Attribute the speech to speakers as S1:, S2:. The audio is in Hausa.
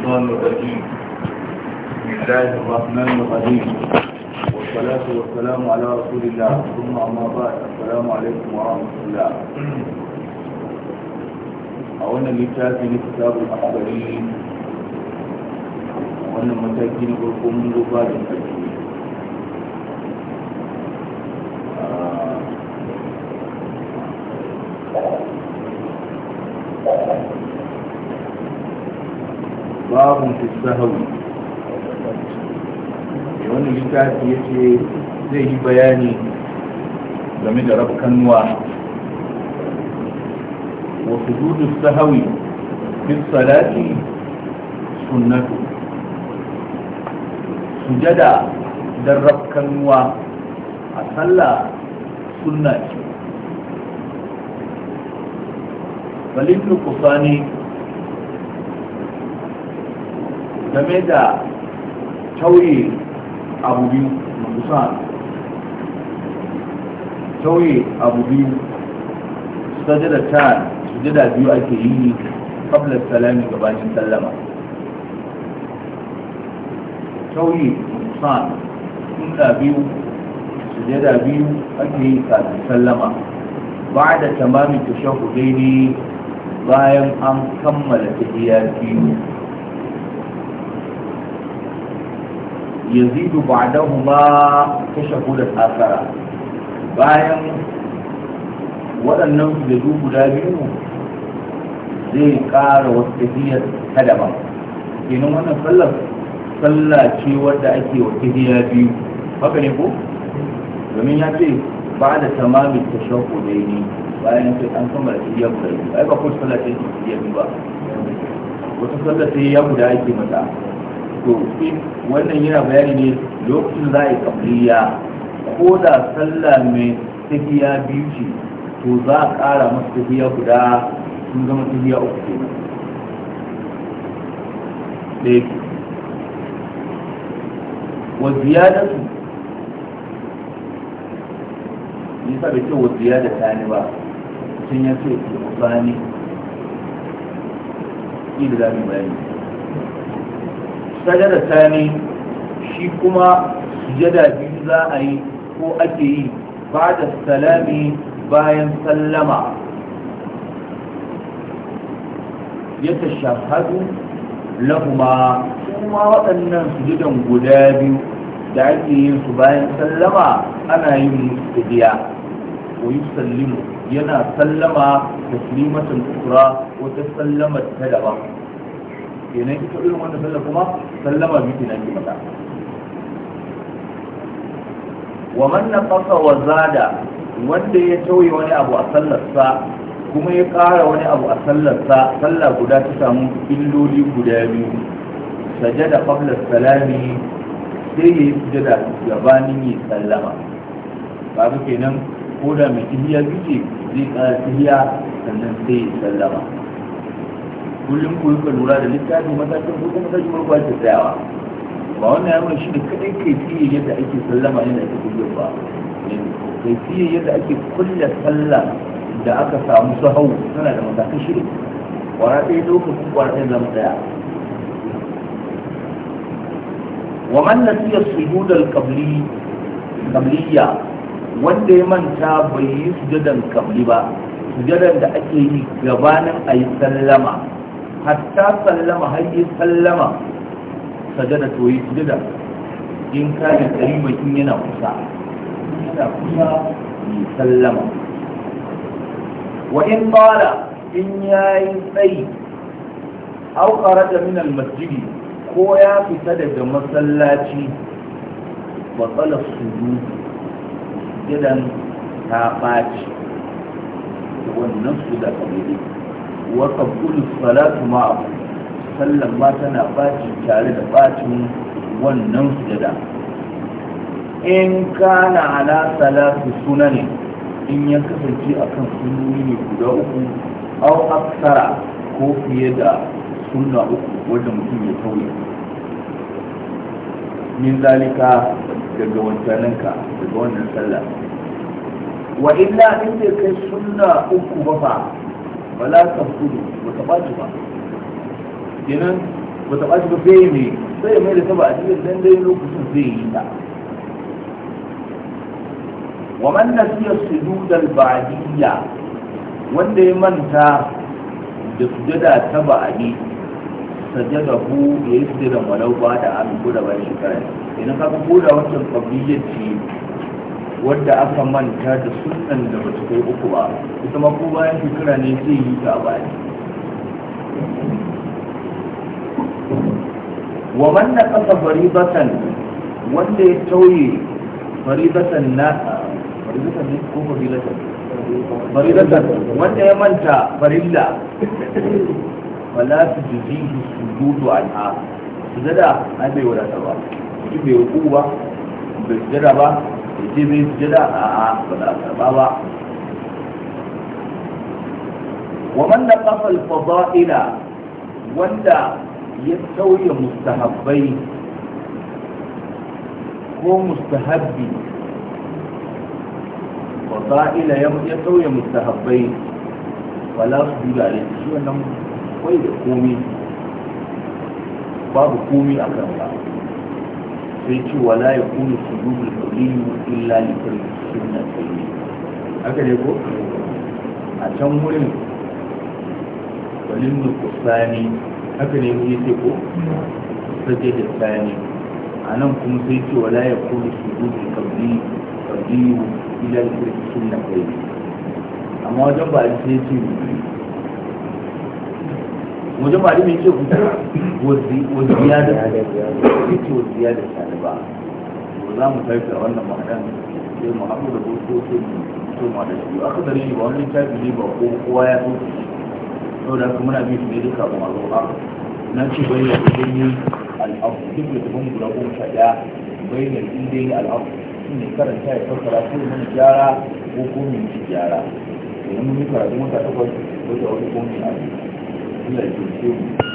S1: الشيطان الرجيم بسم الله الرحمن الرحيم والصلاة والسلام على رسول الله ثم أما بعد السلام عليكم ورحمة الله أولا لتاتي لكتاب الأحبارين وأن متاكين بركم من رفاق Thank you. babun fi sahawi eh, Wani littafi ya ce zai yi bayani game da rabu kanuwa wasu dudu sahawi fi salati sunnatu sujada don rabu kanuwa a sallah sunna ce balin kusa ne game da tauye abu biyu musa tauye abu biyu sajada ta sujada biyu ake yi qabla salami gabanin sallama tauye musa sunna biyu sujada biyu ake yi kafin sallama ba da tamamin bayan an kammala tafiya biyu yazidu ba'dahuma tashahudat asara bayan waɗannan su da guda biyu zai ƙara wasu tafiyar ta daban kenan wannan sallar sallah ce wadda ake wa tafiya biyu haka ne ko domin ya ce ba da tamamin ta shauko da ne bayan sai an kammala tafiya guda biyu ai ba ko sallah ce ta tafiya biyu ba wata sallar sai ya guda ake mata to wannan yana bayani ne lokacin za a yi kabliya ko da sallah mai tafiya biyu ce to za a ƙara masa tafiya guda sun zama tafiya uku ke ɗaya bai ce wa ne ba ya ce ku za mu bayani sajada ta ne shi kuma sujada biyu za a yi ko ake yi ba da salami bayan sallama ya ta shahadu lahuma kuma waɗannan sujudan guda biyu da ake yin su bayan sallama ana yin musu tafiya wa yi sallimu yana sallama da slimatin ukura wata sallamar ta daban kenan ita irin wannan sallar kuma sallama biyu kenan ke mata wa man naqasa wa zada wanda ya tauye wani abu a sallarsa kuma ya ƙara wani abu a sallarsa sallar guda ta samu illoli guda biyu sajada qabla salami sai ya yi sujada gabanin yi sallama babu kenan ko da mai tahiya biki zai kara tahiya sannan sai ya sallama kullum ku rika lura da littafin matakin ko kuma sai ku kwace tsayawa ba wannan yaron shi da kadai kai tiye yadda ake sallama yadda ake kulle ba kai tiye yadda ake kulle sallah da aka samu sahau tana da matakan shirin kwara ɗaya lokacin kwara ɗaya zama tsaya wa man nasiya sujudal qabli qabliya wanda ya manta bai yi sujudan qabli ba sujudan da ake yi gabanin yi sallama hatta sallama har yi sallama sajada to yi sujada in ka da in yana kusa yana kusa yi sallama wa in qala in yayi tsayi aw kharaja min al masjidi ko ya fita daga masallaci wa qala gidan sujudan ta ɓaci, wannan sujada ne wa tabulu salatu ma'ahu sallan ma tana baci tare da bacin wannan sujada in kana ala salatu ne, in ya kasance akan sunni ne guda uku au aksara ko fiye da sunna uku wanda mutum ya tauye min zalika daga wancananka daga wannan sallah wa illa in da kai sunna uku ba fa ba la ta ba ta ɓaci ba kenan ba ta ɓaci ba sai mai da saba a cikin dan dai lokacin zai yi ta wa man nasiya sujudal ba'diyya wanda ya manta da sujada ta ba'di sajadahu ya yi sujadan ba da an ko da bayan ko da wancan qabliyyar wadda aka manta da sunan da ba su kai uku ba ita ma ko bayan shekara ne zai yi ta baya wa manna na kasa faribatan wanda ya tauye faribatan na faribatan ne ko faribatan faribatan wanda ya manta farilla wala su jiji su dudu al'a su zada an bai wadatar ba mutum bai hukuku ba bai zada ba جبريل جدا اعقل اتبابا ومن نقف الفضائل وندا يستوي مستحبين هو مستحبي فضائل يستوي مستحبين فلا اصبر عليك شو انا كويس قومي باب قومي اكرم الله ولا يكون سجود waliyu illa likul sunna sunnatin aka ne ko a can wurin walin kusani aka ne mu yace ko sake da tsani a nan kuma sai ce wala ya kuli sujudi kabli kabli ila sunna sunnatin amma wajen ba sai ce wajen ba da mai ce ku wa da ta wa ba za mu tafi a wannan ma'adan sai mu haɗu da bukutun tuma da shi aka gare shi ba wani littafi ne ba ko kowa ya so shi saboda haka muna bi su ne duka ba mazo ba na ce bayyana idan yi al'afu duk da tafin guda goma sha ɗaya bayyana idan yi al'afu shi ne karanta ya fassara ko mana gyara ko ko mai ci gyara idan mun yi karatu wata takwas wata wata wani komin abu Allah ya ce mu